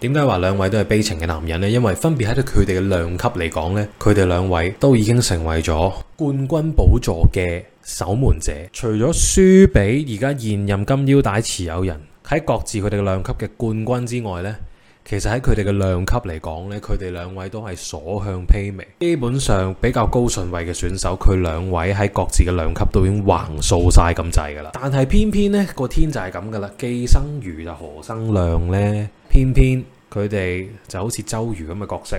點解話兩位都係悲情嘅男人呢？因為分別喺佢哋嘅量級嚟講呢，佢哋兩位都已經成為咗冠軍寶座嘅守門者。除咗輸俾而家現任金腰帶持有人喺各自佢哋嘅量級嘅冠軍之外呢，其實喺佢哋嘅量級嚟講呢，佢哋兩位都係所向披靡。基本上比較高順位嘅選手，佢兩位喺各自嘅量級都已經橫掃晒咁滯噶啦。但係偏偏呢個天就係咁噶啦，既生瑜就何生亮呢？偏偏佢哋就好似周瑜咁嘅角色，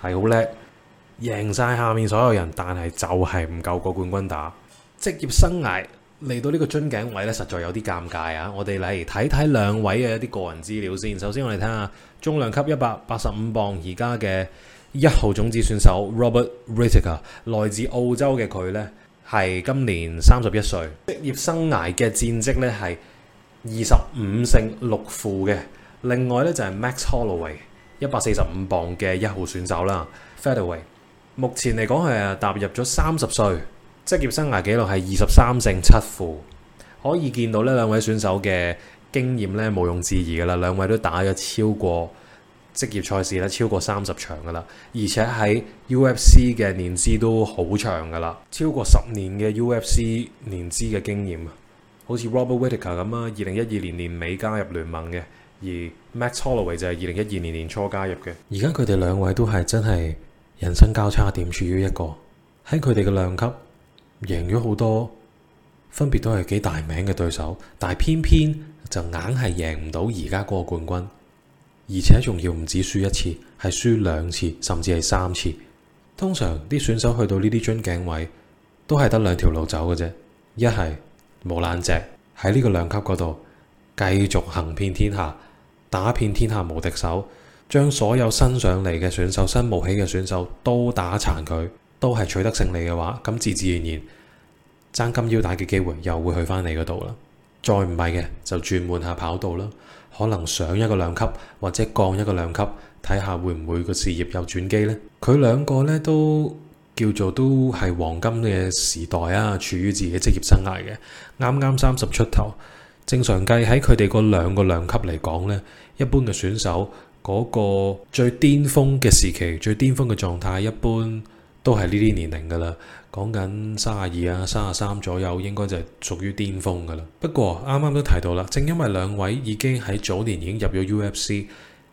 係好叻，贏晒下面所有人，但係就係唔夠個冠軍打。職業生涯嚟到呢個樽頸位咧，實在有啲尷尬啊！我哋嚟睇睇兩位嘅一啲個人資料先。首先，我哋睇下重量級一百八十五磅而家嘅一號種子選手 Robert Whittaker 啊，來自澳洲嘅佢呢係今年三十一歲，職業生涯嘅戰績呢係二十五勝六負嘅。另外咧就係 Max Holloway，一百四十五磅嘅一號選手啦。Featherway 目前嚟講係踏入咗三十歲，職業生涯，記錄係二十三勝七負。可以見到呢兩位選手嘅經驗咧，毋庸置疑噶啦。兩位都打咗超過職業賽事咧，超過三十場噶啦，而且喺 UFC 嘅年資都好長噶啦，超過十年嘅 UFC 年資嘅經驗啊，好似 Robert Whittaker 咁啊，二零一二年年尾加入聯盟嘅。而 Max Holloway 就係二零一二年年初加入嘅，而家佢哋兩位都係真係人生交叉點，處於一個喺佢哋嘅兩級贏咗好多，分別都係幾大名嘅對手，但係偏偏就硬係贏唔到而家嗰個冠軍，而且仲要唔止輸一次，係輸兩次甚至係三次。通常啲選手去到呢啲樽頸位，都係得兩條路走嘅啫，一係磨爛只喺呢個兩級嗰度繼續行遍天下。打遍天下無敵手，將所有新上嚟嘅選手、新武器嘅選手都打殘佢，都係取得勝利嘅話，咁自自然然爭金腰帶嘅機會又會去返你嗰度啦。再唔係嘅，就轉換下跑道啦，可能上一個兩級或者降一個兩級，睇下會唔會個事業有轉機呢？佢兩個呢都叫做都係黃金嘅時代啊，處於自己職業生涯嘅啱啱三十出頭。正常計，喺佢哋嗰兩個量級嚟講呢，一般嘅選手嗰個最巔峰嘅時期、最巔峰嘅狀態，一般都係呢啲年齡噶啦。講緊三十二啊、三十三左右，應該就係屬於巔峰噶啦。不過啱啱都提到啦，正因為兩位已經喺早年已經入咗 UFC，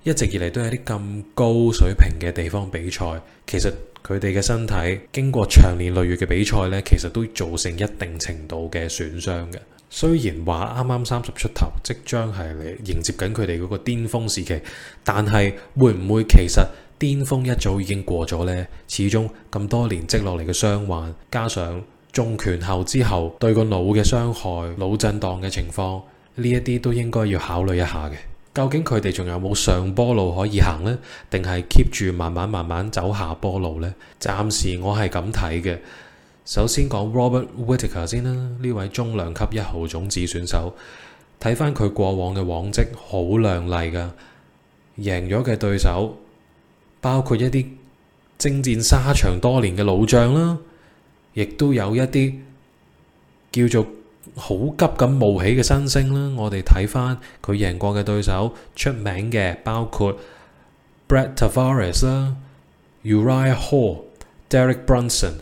一直以嚟都喺啲咁高水平嘅地方比賽，其實佢哋嘅身體經過長年累月嘅比賽呢，其實都造成一定程度嘅損傷嘅。雖然話啱啱三十出頭，即將係嚟迎接緊佢哋嗰個巔峰時期，但係會唔會其實巔峰一早已經過咗呢？始終咁多年積落嚟嘅傷患，加上中拳後之後對個腦嘅傷害、腦震盪嘅情況，呢一啲都應該要考慮一下嘅。究竟佢哋仲有冇上坡路可以行呢？定係 keep 住慢慢慢慢走下坡路呢？暫時我係咁睇嘅。首先講 Robert Whittaker 先啦，呢位中量級一號種子選手，睇翻佢過往嘅往績好亮麗噶，贏咗嘅對手包括一啲征戰沙場多年嘅老將啦，亦都有一啲叫做好急咁冒起嘅新星啦。我哋睇翻佢贏過嘅對手，出名嘅包括 Brad Tavares 啦、Uriah Hall、Derek Brunson，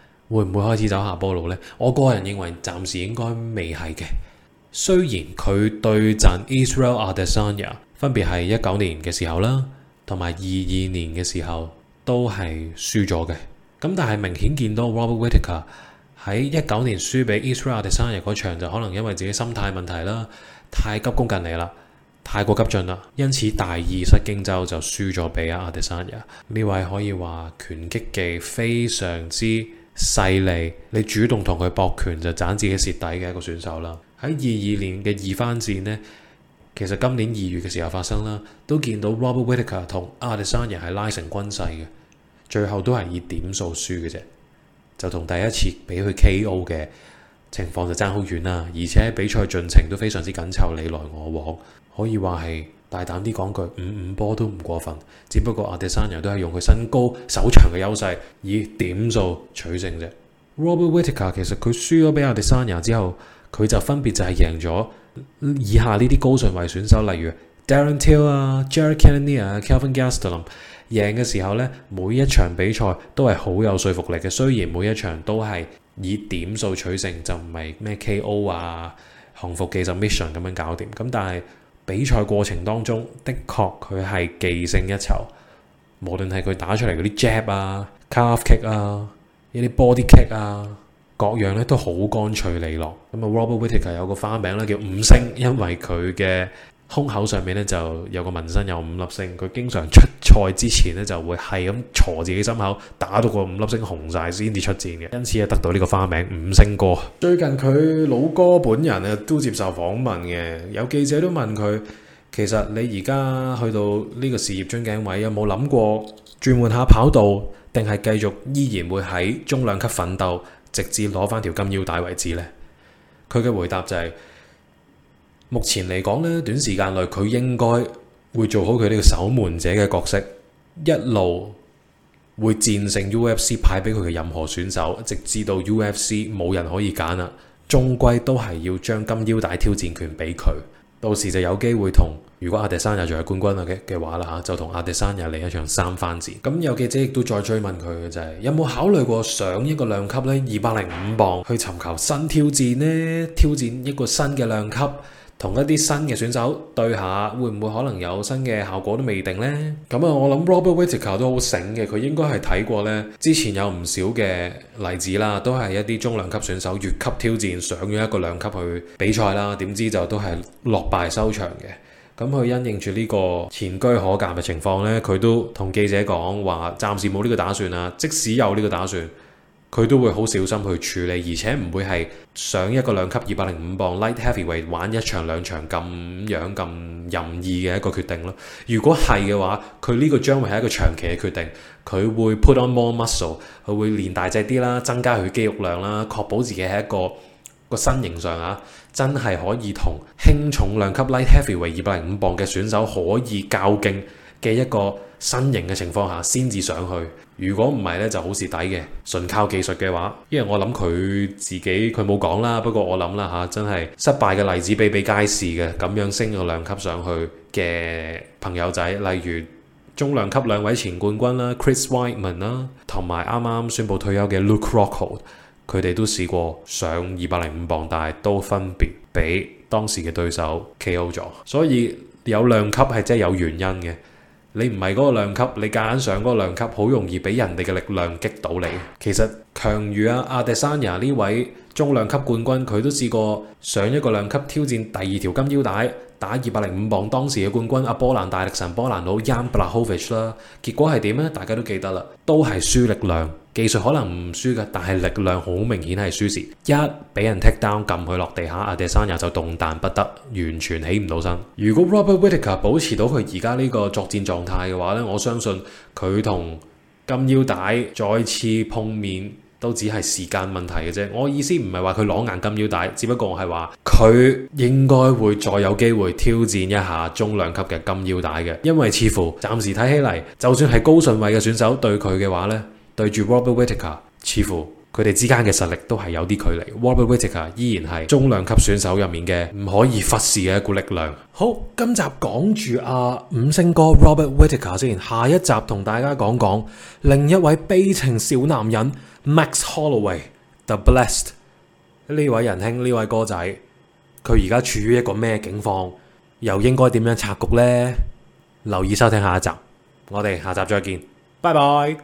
會唔會開始走下坡路呢？我個人認為暫時應該未係嘅。雖然佢對陣 Israel Adesanya 分別係一九年嘅時候啦，同埋二二年嘅時候都係輸咗嘅。咁但係明顯見到 Robert Whittaker 喺一九年輸俾 Israel Adesanya 嗰場，就可能因為自己心態問題啦，太急功近利啦，太過急進啦，因此大意失荊州就輸咗俾阿 Adesanya。呢位可以話拳擊技非常之。勢利，你主動同佢搏拳就掙自己蝕底嘅一個選手啦。喺二二年嘅二番戰呢，其實今年二月嘅時候發生啦，都見到 Robert Whittaker 同 Adesanya 係拉成均勢嘅，最後都係以點數輸嘅啫，就同第一次俾佢 KO 嘅情況就爭好遠啦。而且比賽進程都非常之緊湊，你來我往，可以話係。大膽啲講句，五五波都唔過分。只不過阿迪山人都係用佢身高、手長嘅優勢，以點數取勝啫。Robert Whittaker 其實佢輸咗俾阿迪山人之後，佢就分別就係贏咗以下呢啲高順位選手，例如 Darren Till 啊、Jared Cannonier 啊、Kelvin Gastelum 贏嘅時候呢，每一場比賽都係好有說服力嘅。雖然每一場都係以點數取勝，就唔係咩 KO 啊、降服技術、mission 咁樣搞掂，咁但係。比賽過程當中的確佢係技勝一籌，無論係佢打出嚟嗰啲 jab 啊、calf kick 啊、一啲 body kick 啊，各樣咧都好乾脆利落。咁啊，Robert Whittaker 有個花名咧叫五星，因為佢嘅。胸口上面咧就有個紋身，有五粒星。佢經常出賽之前咧就會係咁搓自己心口，打到個五粒星紅晒先至出戰嘅，因此啊得到呢個花名五星哥。最近佢老哥本人啊都接受訪問嘅，有記者都問佢：其實你而家去到呢個事業樽頸位，有冇諗過轉換下跑道，定係繼續依然會喺中量級奮鬥，直至攞翻條金腰帶為止呢？」佢嘅回答就係。目前嚟講咧，短時間內佢應該會做好佢呢個守門者嘅角色，一路會戰勝 UFC 派俾佢嘅任何選手，直至到 UFC 冇人可以揀啦，終歸都係要將金腰帶挑戰權俾佢。到時就有機會同，如果阿迪生又仲係冠軍嘅嘅話啦嚇，就同阿迪生又嚟一場三番戰。咁有記者亦都再追問佢嘅就係，有冇考慮過上一個量級呢？二百零五磅去尋求新挑戰呢？挑戰一個新嘅量級？同一啲新嘅選手對下，會唔會可能有新嘅效果都未定呢？咁啊，我諗 Robert Whittaker 都好醒嘅，佢應該係睇過呢之前有唔少嘅例子啦，都係一啲中量級選手越級挑戰上咗一個量級去比賽啦，點知就都係落敗收場嘅。咁佢因應住呢個前居可鑑嘅情況呢，佢都同記者講話，暫時冇呢個打算啊。即使有呢個打算，佢都會好小心去處理，而且唔會係上一個兩級二百零五磅 light heavyweight 玩一場兩場咁樣咁任意嘅一個決定咯。如果係嘅話，佢呢個將會係一個長期嘅決定。佢會 put on more muscle，佢會練大隻啲啦，增加佢肌肉量啦，確保自己喺一個一個身形上啊，真係可以同輕重量級 light heavyweight 二百零五磅嘅選手可以較勁嘅一個身形嘅情況下先至上去。如果唔係咧，就好蝕底嘅。純靠技術嘅話，因為我諗佢自己佢冇講啦。不過我諗啦嚇，真係失敗嘅例子比比皆是嘅。咁樣升個量級上去嘅朋友仔，例如中量級兩位前冠軍啦，Chris Weidman 啦，同埋啱啱宣布退休嘅 Luke Rockhold，佢哋都試過上二百零五磅，但係都分別俾當時嘅對手 KO 咗。所以有量級係真係有原因嘅。你唔係嗰個量級，你夾硬上嗰個量級，好容易俾人哋嘅力量擊倒你。其實強如啊阿迪沙牙呢位中量級冠軍，佢都試過上一個量級挑戰第二條金腰帶。打二百零五磅當時嘅冠軍阿波蘭大力神波蘭佬 Blachowicz 啦，結果係點呢？大家都記得啦，都係輸力量，技術可能唔輸嘅，但係力量好明顯係輸蝕，一俾人 take down 撳佢落地下，阿迪生也就動彈不得，完全起唔到身。如果 Robert Whittaker 保持到佢而家呢個作戰狀態嘅話呢，我相信佢同金腰帶再次碰面，都只係時間問題嘅啫。我意思唔係話佢攞硬金腰帶，只不過我係話佢應該會再有機會挑戰一下中量級嘅金腰帶嘅，因為似乎暫時睇起嚟，就算係高順位嘅選手對佢嘅話呢，對住 Robert Whittaker，似乎。佢哋之間嘅實力都係有啲距離。Robert Whittaker 依然係中量級選手入面嘅唔可以忽視嘅一股力量。好，今集講住阿、啊、五星哥 Robert Whittaker 先，下一集同大家講講另一位悲情小男人 Max Holloway。The Blessed 呢位仁兄，呢位哥仔，佢而家處於一個咩境況，又應該點樣拆局呢？留意收聽下一集，我哋下集再見，拜拜。